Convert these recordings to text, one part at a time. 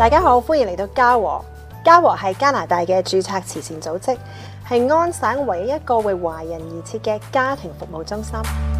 大家好，歡迎嚟到家和。家和係加拿大嘅註冊慈善組織，係安省唯一一個為華人而設嘅家庭服務中心。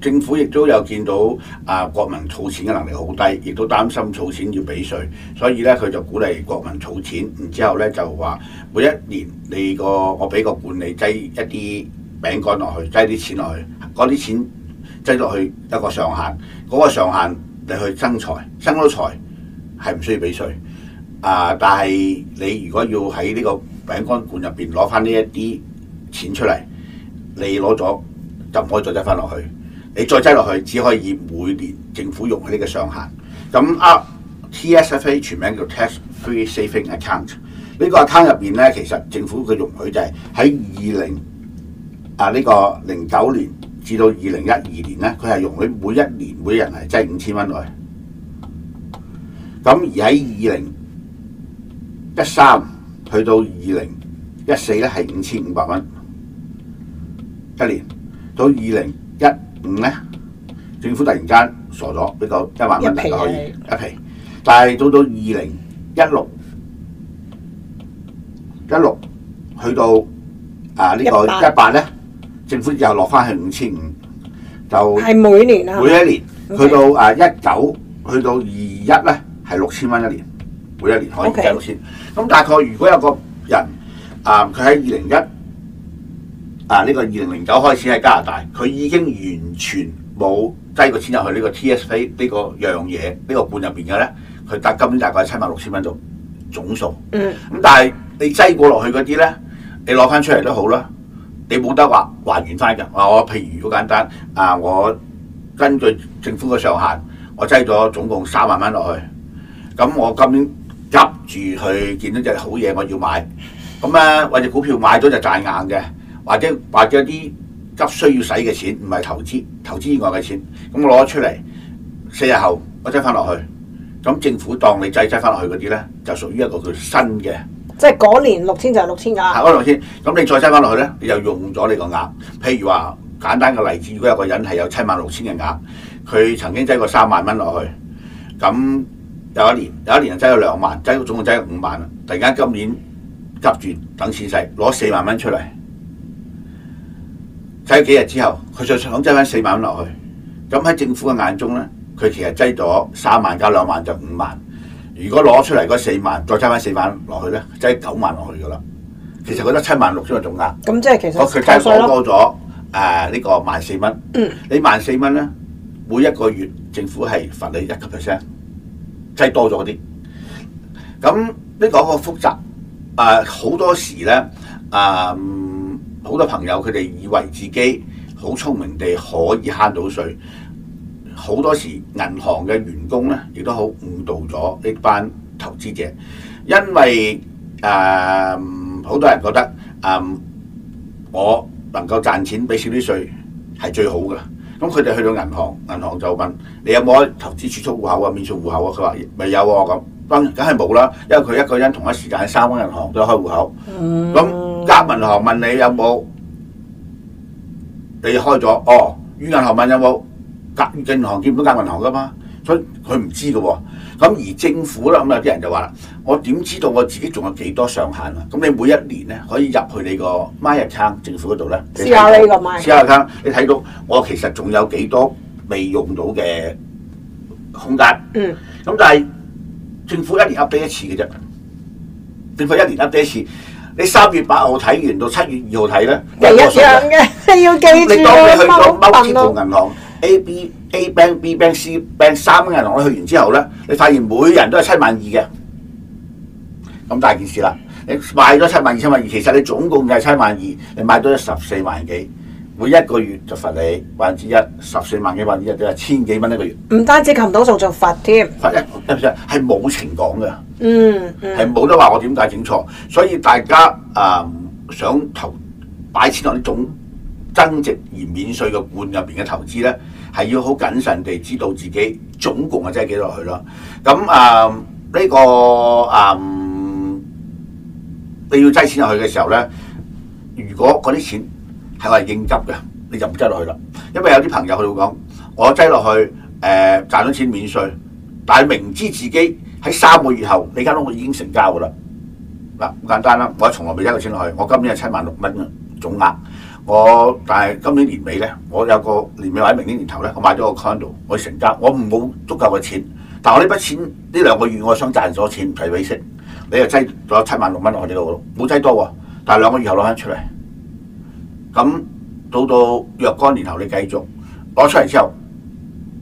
政府亦都有見到啊、呃，國民儲錢嘅能力好低，亦都擔心儲錢要俾稅，所以咧佢就鼓勵國民儲錢，然之後咧就話每一年你個我俾個罐你擠一啲餅乾落去，擠啲錢落去，嗰啲錢擠落去一個上限，嗰、那個上限你去增財，增咗財係唔需要俾稅啊，但係你如果要喺呢個餅乾罐入邊攞翻呢一啲錢出嚟，你攞咗就唔可以再擠翻落去。你再擠落去，只可以以每年政府容許呢個上限。咁啊，TSFA 全名叫 Tax Free Saving Account。呢個 account 入邊咧，其實政府嘅容許就係喺二零啊呢個零九年至到二零一二年咧，佢係容許每一年每人係擠五千蚊落去。咁而喺二零一三去到二零一四咧，係五千五百蚊一年。到二零一五咧，政府突然間傻咗，呢個一萬蚊就可以一皮，但係到到二零一六一六去到啊呢個一八咧，政府又落翻去五千五，就係每年啦，每一年去到啊一九去到二一咧，係六千蚊一年，每一年可以計六千。咁大概如果有個人啊，佢喺二零一啊！呢、呢個二零零九開始喺加拿大，佢已經完全冇擠過錢個錢入去呢個 TSA 呢個樣嘢呢個罐入邊嘅咧。佢得今年大概七萬六千蚊度總數。嗯。咁、嗯、但係你擠過落去嗰啲咧，你攞翻出嚟都好啦。你冇得話還原翻嘅。話、啊、我譬如好簡單，啊我根據政府嘅上限，我擠咗總共三萬蚊落去。咁我今年急住去見到隻好嘢，我要買。咁啊，為隻股票買咗就賺硬嘅。或者或者啲急需要使嘅錢唔係投資，投資以外嘅錢，咁我攞出嚟四日後，我擠翻落去，咁政府當你擠擠翻落去嗰啲咧，就屬於一個叫新嘅。即係嗰年六千就係六千額。係嗰六千，咁你再擠翻落去咧，你又用咗你個額。譬如話簡單嘅例子，如果有個人係有七萬六千嘅額，佢曾經擠過三萬蚊落去，咁有一年有一年就擠咗兩萬，擠總共擠咗五萬啦，突然間今年急住等錢使，攞四萬蚊出嚟。擠幾日之後，佢再想擠翻四萬蚊落去，咁喺政府嘅眼中咧，佢其實擠咗三萬加兩萬就五萬。如果攞出嚟嗰四萬再擠翻四萬落去咧，擠九萬落去㗎喇。其實佢得七萬六先係總額。咁即係其實佢計多咗誒呢個萬四蚊。你萬四蚊咧，每一個月政府係罰你一個 percent，擠多咗啲。咁呢嗰個複雜啊，好、呃、多時咧啊。呃好多朋友佢哋以為自己好聰明地可以慳到稅，好多時銀行嘅員工呢，亦都好誤導咗呢班投資者，因為誒好、嗯、多人覺得誒、嗯、我能夠賺錢俾少啲稅係最好嘅啦，咁佢哋去到銀行，銀行就問你有冇投資儲蓄戶口啊、免稅戶口啊？佢話未有喎、啊、咁，當然梗係冇啦，因為佢一個人同一時間喺三間銀行都開戶口，咁。銀行問你有冇你開咗哦？銀行問有冇？隔建行，見唔到間銀行噶嘛？所以佢唔知噶、哦。咁而政府啦，咁啊啲人就話啦：我點知道我自己仲有幾多上限啊？咁你每一年咧可以入去你個孖入坑政府嗰度咧？孖入坑，你睇、嗯、到我其實仲有幾多未用到嘅空間？嗯。咁但係政府一年壓低一次嘅啫，政府一年壓低一次。你三月八號睇完到七月二號睇咧，又一樣嘅。你 要記住啊，你當你去到某支付銀行 A B A bank, B bank C bank 三間銀行去完之後咧，你發現每人都係七萬二嘅。咁大件事啦，你賣咗七萬二、七萬二，其實你總共計七萬二，你賣到咗十四萬幾，每一個月就罰你百分之一，十四萬幾百分之一都係千幾蚊一個月。唔單止擒到數仲仲罰添，係冇情講嘅。嗯，係冇得話我點解整錯，所以大家誒、嗯、想投擺錢落啲總增值而免稅嘅罐入邊嘅投資咧，係要好謹慎地知道自己總共啊，擠幾多落去啦。咁誒呢個誒、嗯、你要擠錢落去嘅時候咧，如果嗰啲錢係我哋應急嘅，你就唔擠落去啦。因為有啲朋友佢會講，我擠落去誒賺咗錢免稅，但係明知自己。喺三個月後，你間屋已經成交噶啦。嗱，咁簡單啦，我從來未一個錢落去。我今年係七萬六蚊嘅總額。我但係今年年尾咧，我有個年尾或者明年年頭咧，我買咗個 condo，我成交，我唔冇足夠嘅錢。但我呢筆錢呢兩個月，我想賺咗錢提利息，你又擠咗七萬六蚊我哋度，冇擠多喎。但係兩個月後攞翻出嚟，咁到到若干年後你繼續攞出嚟之後，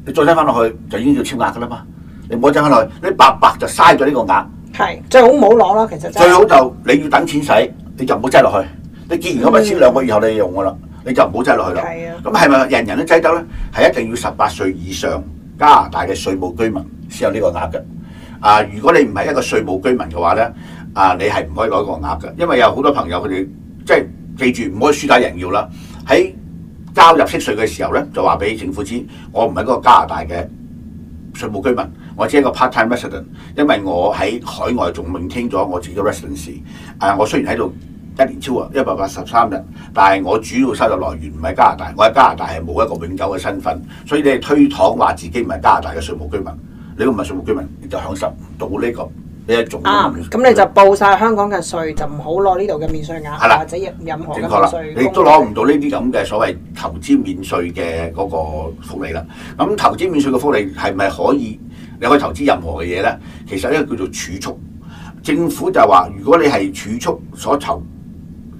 你再擠翻落去，就已經要簽額噶啦嘛。你唔好擠落去，你白白就嘥咗呢個額。係最好唔好攞啦，其實最好就你要等錢使，你就唔好擠落去。你既然我咪先兩個月後你用嘅啦，嗯、你就唔好擠落去啦。係啊，咁係咪人人都擠得咧？係一定要十八歲以上加拿大嘅稅務居民先有呢個額嘅。啊，如果你唔係一個稅務居民嘅話咧，啊，你係唔可以攞呢個額嘅，因為有好多朋友佢哋即係記住唔可以輸假人要啦。喺交入息稅嘅時候咧，就話俾政府知我唔係嗰個加拿大嘅稅務居民。我只係一個 part time resident，因為我喺海外仲 maintain 咗我自己嘅 residence。誒，我雖然喺度一年超過一百八十三日，但係我主要收入來源唔係加拿大，我喺加拿大係冇一個永久嘅身份，所以你推搪話自己唔係加拿大嘅稅務居民，你都唔係稅務居民，你就享受唔到呢個呢一種、啊。咁、啊、你就報晒香港嘅稅，就唔好攞呢度嘅免稅額，的或者任何正確啦，你都攞唔到呢啲咁嘅所謂投資免稅嘅嗰個福利啦。咁投資免稅嘅福利係咪可以？你可以投資任何嘅嘢咧，其實呢個叫做儲蓄。政府就話，如果你係儲蓄所投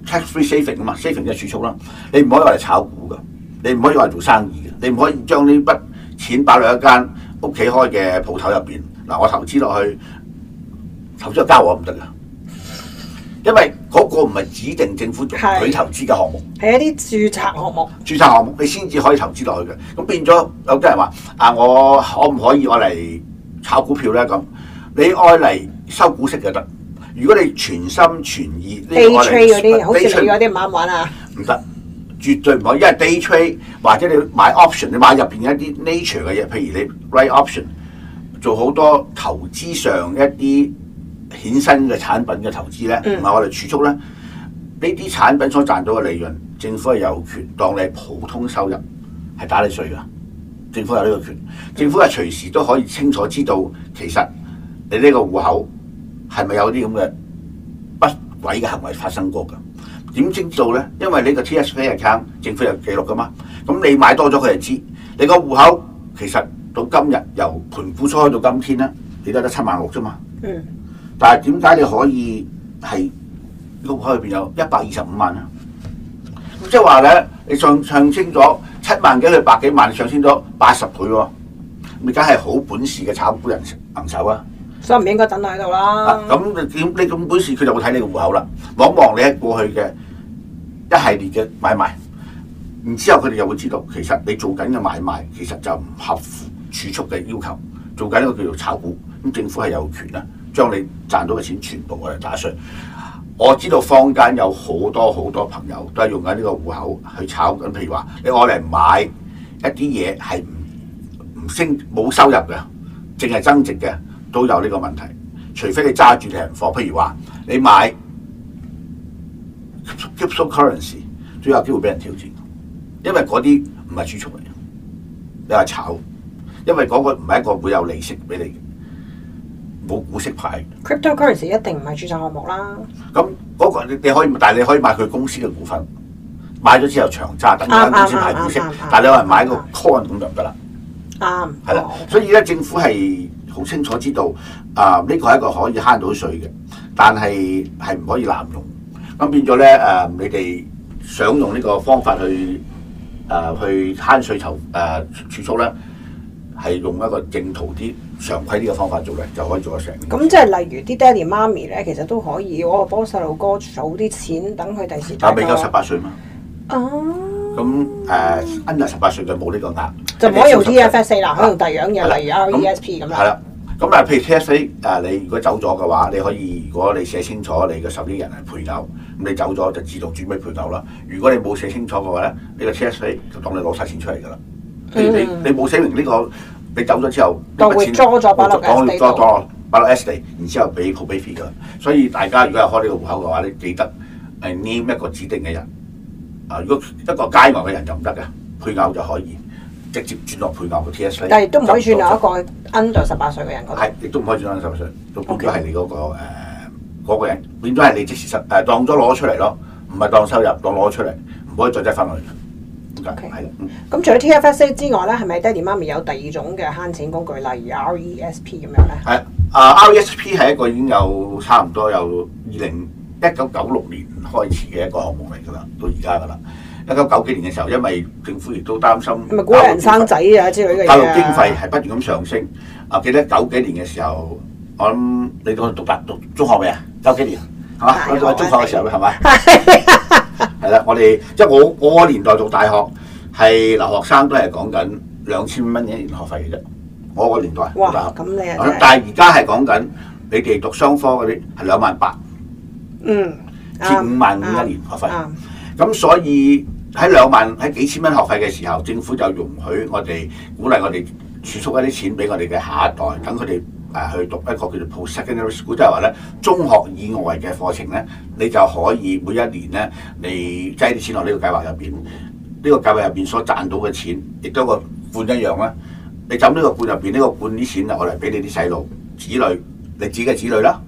tax free saving 噶嘛，saving 即係儲蓄啦，你唔可以話嚟炒股噶，你唔可以話嚟做生意嘅，你唔可以將呢筆錢擺落一間屋企開嘅鋪頭入邊。嗱，我投資落去，投資又交我唔得啦，因為嗰個唔係指定政府佢投資嘅項目，係一啲註冊項目。註冊項目你先至可以投資落去嘅，咁變咗有啲人話啊，我可唔可以我嚟？炒股票咧，咁你愛嚟收股息就得。如果你全心全意，呢個愛嚟。day trade 嗰啲，好似你嗰啲唔啱玩啊？唔得，絕對唔好，因為 day trade 或者你買 option，你買入邊一啲 nature 嘅嘢，譬如你 write option，做好多投資上一啲衍生嘅產品嘅投資咧，唔係我哋儲蓄咧。呢啲產品所賺到嘅利潤，政府係有權當你普通收入，係打你稅㗎。政府有呢個權，政府係隨時都可以清楚知道，其實你呢個戶口係咪有啲咁嘅不軌嘅行為發生過㗎？點知道咧？因為你個 T S F account，政府有記錄㗎嘛。咁你買多咗佢就知。你個戶口其實到今日由盤古初開到今天咧，你都得七萬六啫嘛。嗯。但係點解你可以係個戶口入邊有一百二十五萬啊？即係話咧，你上唱清咗。七萬幾佢百幾萬，上升咗八十倍喎，你梗係好本事嘅炒股人能手啊！所以唔應該等喺度啦。咁、啊、你咁本事，佢就會睇你嘅戶口啦。望一望你喺過去嘅一系列嘅買賣，然之後佢哋又會知道，其實你做緊嘅買賣其實就唔合乎儲蓄嘅要求，做緊一個叫做炒股。咁政府係有權啦，將你賺到嘅錢全部去打稅。我知道坊間有好多好多朋友都係用緊呢個戶口去炒緊。譬如話你攞嚟買一啲嘢係唔升、冇收入嘅，淨係增值嘅都有呢個問題。除非你揸住你人貨，譬如話你買 cryptocurrency，so、都有機會俾人挑戰，因為嗰啲唔係儲蓄嚟嘅。你話炒，因為嗰個唔係一個會有利息俾你。股息牌 Cryptocurrency 一定唔係註冊項目啦。咁嗰、嗯嗰個你你可以，但係你可以買佢公司嘅股份，買咗之後長揸，等間公司買股息。嗯嗯嗯嗯、但係你可能買個 coin 咁樣噶啦，啱係啦。的嗯、所以咧，政府係好清楚知道啊，呢、呃這個係一個可以慳到稅嘅，但係係唔可以濫用。咁變咗咧誒，你哋想用呢個方法去誒、呃、去慳稅籌誒儲蓄咧，係用一個正途啲，常規呢個方法做嘅就可以做得成。咁即係例如啲爹哋媽咪咧，其實都可以，我幫細路哥儲啲錢，等佢第時。但係未夠十八歲嘛。哦。咁誒 under 十八歲就冇呢個額，就唔可以用 TFSA 啦，可以用第二樣嘢，例如 RESP 咁啦。係啦，咁啊，譬如 TFSA 誒，你如果走咗嘅話，你可以如果你寫清楚你嘅受益人係配偶，咁你走咗就自動轉俾配偶啦。如果你冇寫清楚嘅話咧，呢個 TFSA 就當你攞晒錢出嚟㗎啦。你你你冇寫明呢個。你走咗之後，啲錢坐咗，我講多坐落八六 Sday，然之後俾好俾飛佢。所以大家如果係開呢個戶口嘅話咧，你記得誒 name 一個指定嘅人。啊、呃，如果一個街外嘅人就唔得嘅，配偶就可以直接轉落配偶嘅 TSL。但係都唔可以轉到一個 under 十八歲嘅人。係，亦都唔可以轉 under 十八歲，變都係你嗰、嗰個誒嗰個人，變咗係你即時實誒當咗攞出嚟咯，唔係當收入當攞出嚟，唔可以再擠翻落嚟。O K，咁除咗 T F S A 之外咧，係咪爹哋媽咪有第二種嘅慳錢工具，例如 R E S P 咁樣咧？係啊，R E S P 係一個已經有差唔多有二零一九九六年開始嘅一個項目嚟噶啦，到而家噶啦。一九九幾年嘅時候，因為政府亦都擔心不不、啊，唔係古人生仔啊之類嘅教育經費係不斷咁上升啊！記得九幾年嘅時候，我諗你當讀學讀,讀中學未啊？九幾年，好啊、哎嗯，讀完中學嘅時候，好咪、嗯？我哋即係我我個年代讀大學係留學生都係講緊兩千蚊一年學費嘅啫，我個年代大學，你就是、但係而家係講緊你哋讀雙科嗰啲係兩萬八，嗯，至五萬五一年學費，咁、啊啊、所以喺兩萬喺幾千蚊學費嘅時候，政府就容許我哋鼓勵我哋儲蓄一啲錢俾我哋嘅下一代，等佢哋。誒、啊、去讀一個叫做 postsecondary school，即係話咧中學以外嘅課程咧，你就可以每一年咧你擠啲錢落呢個計劃入邊。呢、呢個計劃入邊所賺到嘅錢，亦都個罐一樣啦。你就呢個罐入邊呢個罐啲錢嚟，我嚟俾你啲細路子女，你自己嘅子女啦，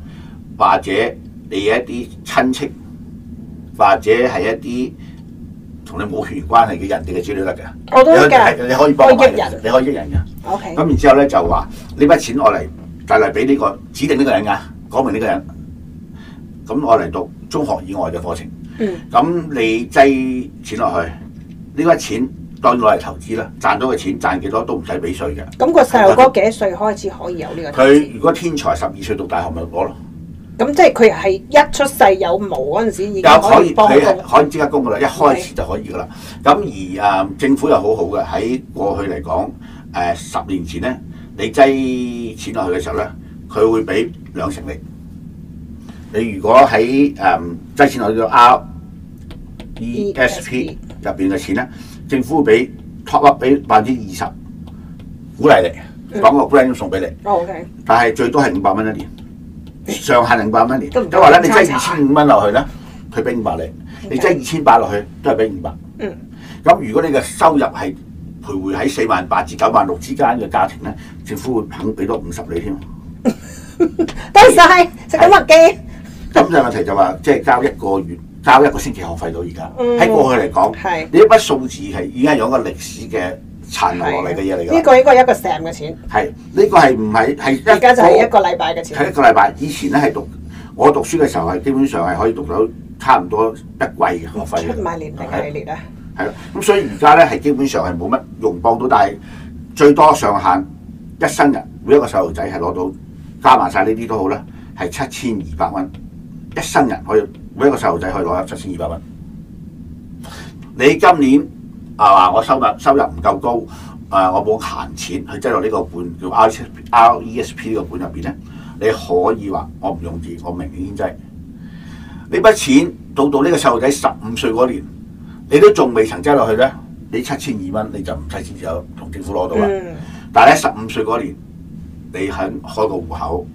或者你一啲親戚，或者係一啲同你冇血緣關係嘅人哋嘅子女得嘅，係你，你可以幫埋嘅，可一人你可以益人嘅。咁 Okay. 然之後咧就話呢筆錢我嚟。帶嚟俾呢個指定呢個人嘅，講明呢個人。咁我嚟讀中學以外嘅課程。嗯。咁你擠錢落去，呢個錢當攞嚟投資啦。賺到嘅錢賺幾多都唔使俾稅嘅。咁個細路哥幾多歲開始可以有呢個？佢吧如果天才十二歲讀大學咪攞咯。咁即係佢係一出世有冇嗰陣時已經可以幫你，可以，可以即刻供噶啦，一開始就可以噶啦。咁是而啊、嗯，政府又好好嘅，喺過去嚟講，誒、呃、十年前咧。你擠錢落去嘅時候咧，佢會俾兩成你。你如果喺誒擠錢落去個 R E S P 入邊嘅錢咧，政府會俾 top up 俾百分之二十鼓勵你，講個 plan 送俾你。嗯、o、okay. k 但係最多係五百蚊一年，上限係五百蚊一年。都唔差。咁話咧，你擠二千五蚊落去咧，佢俾五百你；你擠二千八落去，都係俾五百。嗯。咁如果你嘅收入係，徘徊喺四萬八至九萬六之間嘅家庭咧，政府會肯俾多五十你添。但實係食緊麥記。咁是就問題就話，即係交一個月，交一個星期學費到而家。喺、嗯、過去嚟講，是你呢筆數字係已經係有一個歷史嘅殘留落嚟嘅嘢嚟㗎。呢、呢個應該一個 set 嘅錢。係，呢、呢個係唔係係？而家就係一個禮拜嘅錢。係一個禮拜。以前咧係讀我讀書嘅時候，係基本上係可以讀到差唔多一季嘅學費。出埋年級係列啊！是是係咯，咁所以而家咧，係基本上係冇乜用幫到，但係最多上限一生人每一個細路仔係攞到加埋晒呢啲都好啦，係七千二百蚊，一生人可以每一個細路仔可以攞入七千二百蚊。你今年啊話我收入收入唔夠高啊，我冇閒錢去擠落呢個本，叫 R E S P 呢個本入邊咧，你可以話我唔用住，我明年擠呢筆錢到到呢個細路仔十五歲嗰年。你都仲未曾擠落去咧，你七千二蚊你就唔使錢就同政府攞到啦。嗯、但係喺十五歲嗰年，你肯開個戶口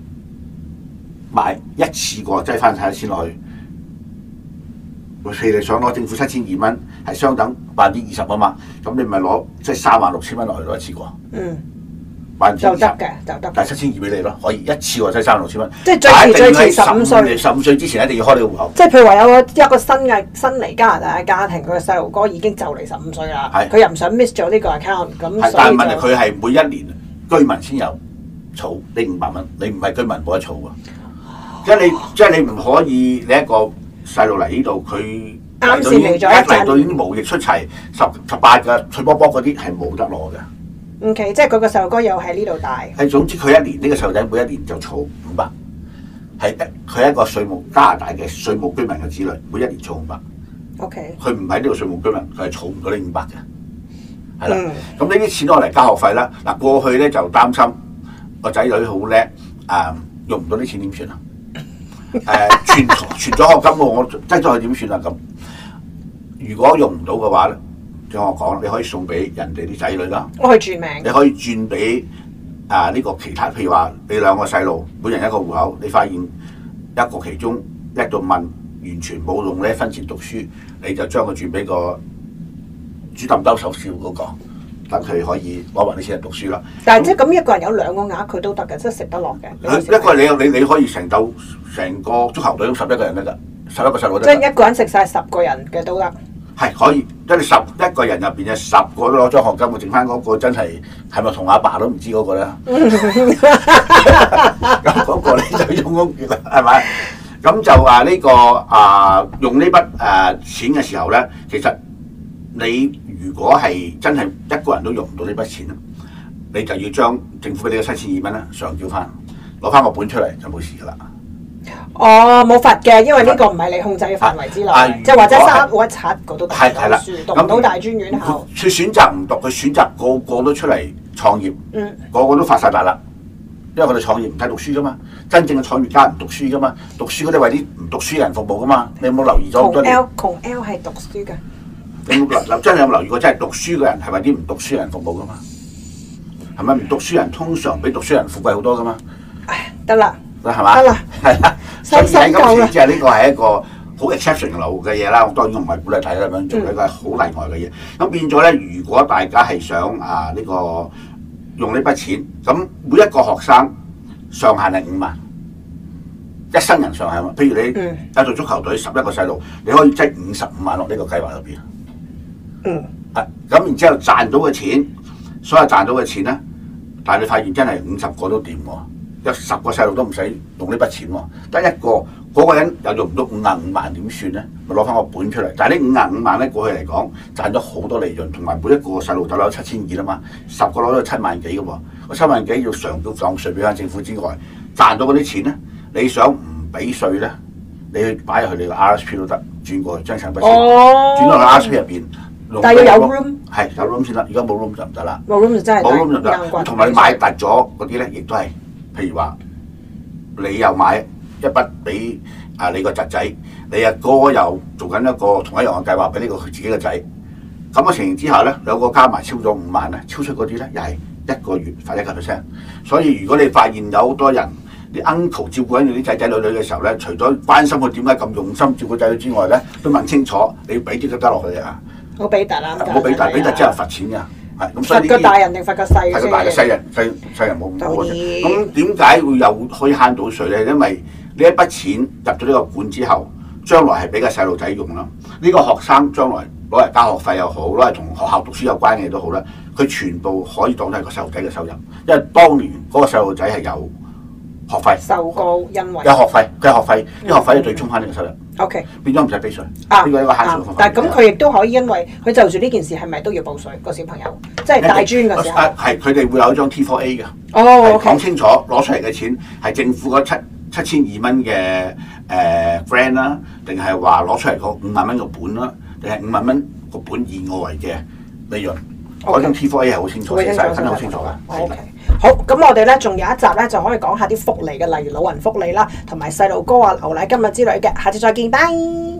買一次過擠翻曬一千落去，你哋想攞政府七千二蚊，係相等百分之二十啊嘛，咁你咪攞即係三萬六千蚊落去攞一次過。嗯就得嘅，就得。但係七千二俾你咯，可以一次話齋三萬六千蚊。即係但是 最遲十五歲，十五歲之前一定要開呢個戶口。即係譬如話有一個有一個新嘅新嚟加拿大嘅家庭，佢個細路哥已經是就嚟十五歲啦。佢又唔想 miss 咗呢個 account，咁。但係問題佢係每一年居民先有儲，拎五百蚊。你唔係居民冇得儲㗎。哦、即係你，即係你唔可以，你一個細路嚟呢度佢。啱先嚟咗。已經一嚟到呢啲無力出齊十十八嘅脆波波嗰啲係冇得攞嘅。O Okay . K，即係佢個細路哥又喺呢度大。係，總之佢一年呢、這個細路仔每一年就儲五百，係係佢一個稅務加拿大嘅稅務居民嘅子女，每一年儲五百。O K，佢唔係呢個稅務居民，佢係儲唔到呢五百嘅。係、嗯、啦，咁呢啲錢攞嚟交學費啦。嗱，過去咧就擔心個仔女好叻，誒、呃、用唔到啲錢點算啊？誒、 呃，存存咗學金我積咗佢點算啊？咁如果用唔到嘅話咧？聽我講，你可以送俾人哋啲仔女咯。我去轉名，你可以轉俾啊呢個其他譬如話，你兩個細路，每人一個戶口。你發現一個其中一個問完全冇用咧，分錢讀書，你就將佢轉俾個主動兜手笑嗰個，等佢可以，我話你先讀書啦。但係即係咁，一個人有兩個額，佢都得嘅，即係食得落嘅。一個你你你可以成組成個足球隊十一個人都得，就十一個細路。得。即係一個人食晒十個人嘅都得。係可以，即係十一個人入邊有十個都攞咗獎學金，我剩翻嗰個真係係咪同阿爸都唔知嗰個咧？咁嗰 個咧就用公權啦，係咪？咁就啊呢、呢個啊用呢筆誒錢嘅時候咧，其實你如果係真係一個人都用唔到呢筆錢，你就要將政府畀你嘅七千二蚊咧上繳翻，攞翻個本出嚟就冇事㗎啦。哦，冇法嘅，因為呢個唔係你控制嘅範圍之內，啊啊、即係或者三戶一七嗰都得，係係啦，那讀唔到大專院校，佢選擇唔讀，佢選擇個個，個都出嚟創業，嗯，個個都發晒達啦，因為佢哋創業唔使讀書噶嘛，真正嘅創業家唔讀書噶嘛，讀書嗰啲為啲唔讀書人服務噶嘛，你有冇留意咗好多？窮 L 窮 L 係讀書噶，你真係有冇留意過跟 L, 跟 L？ 真係讀書嘅人係為啲唔讀書人服務噶嘛？係咪唔讀書人通常比讀書人富貴好多噶嘛？得啦。係嘛？係啦，了 所以咁，即係呢個係一個好 exception 嘅嘢啦。我當然唔係鼓勵大家咁樣做一、係個好例外嘅嘢。咁變咗咧，如果大家係想啊呢、呢個用呢筆錢，咁每一個學生上限係五萬，一生人上限。譬如你帶做、嗯、足球隊十一個細路，你可以積五十五萬落呢個計劃入邊。嗯。係。咁然之後賺到嘅錢，所有賺到嘅錢咧，但係你發現真係五十個都掂喎。有十個細路都唔使用呢筆錢喎、啊，得一個嗰、嗰個人又用唔到五萬五萬點算咧？咪攞翻個本出嚟？但係呢五萬五萬咧過去嚟講賺咗好多利潤，同埋每一個細路就攞七千二啦嘛，十個攞到七萬幾嘅喎，個七萬幾要上到港稅俾翻政府之外，賺到嗰啲錢咧，你想唔俾稅咧？你擺入去你個 RSP 都得，轉過去將錢不錢，哦、轉到去 RSP 入邊。但係要有 room，係有 room 先得，而家冇 room 就唔得啦。冇 room 就真係冇 room 就唔得，同埋你買拔咗嗰啲咧，亦都係。譬如話，你又買一筆俾啊你個侄仔，你阿哥，哥又做緊一個同一樣嘅計劃俾呢個自己嘅仔，咁嘅情形之下咧，兩個加埋超咗五萬咧，超出嗰啲咧又係一個月罰一個 percent。所以如果你發現有好多人，你 uncle 照顧緊你啲仔仔女女嘅時候咧，除咗關心佢點解咁用心照顧仔女之外咧，都問清楚你俾啲乜得落去啊？我俾得啦，我俾得，俾得之後罰錢㗎。係咁、嗯，所以呢個大人定罰個細人先嘅。細人細人細人冇咁多。咁點解會又可以慳到稅咧？因為呢一筆錢入咗呢個管之後，將來係俾個細路仔用咯。呢、這個學生將來攞嚟交學費又好，攞嚟同學校讀書有關嘅嘢都好咧，佢全部可以當作係個細路仔嘅收入，因為當年嗰、那個細路仔係有學費。收高因為有學費，佢學費啲學費要對沖翻呢個收入。OK，變咗唔使俾稅，呢、啊、個係個 hardship 但係咁佢亦都可以，因為佢就住呢件事係咪都要報稅個小朋友，即係大專嘅時候，係佢哋會有一張 T four A 嘅、哦 okay，講清楚攞出嚟嘅錢係政府嗰七七千二蚊嘅誒 grant 啦，定係話攞出嚟個五萬蚊個本啦，定係五萬蚊個本，本以外嘅利潤，我張 Okay. T four A 係好清楚嘅，其實真係好清楚嘅。好，咁我哋咧仲有一集咧，就可以講下啲福利嘅，例如老人福利啦，同埋細路哥啊、牛奶金啊之類嘅，下次再見啦。Bye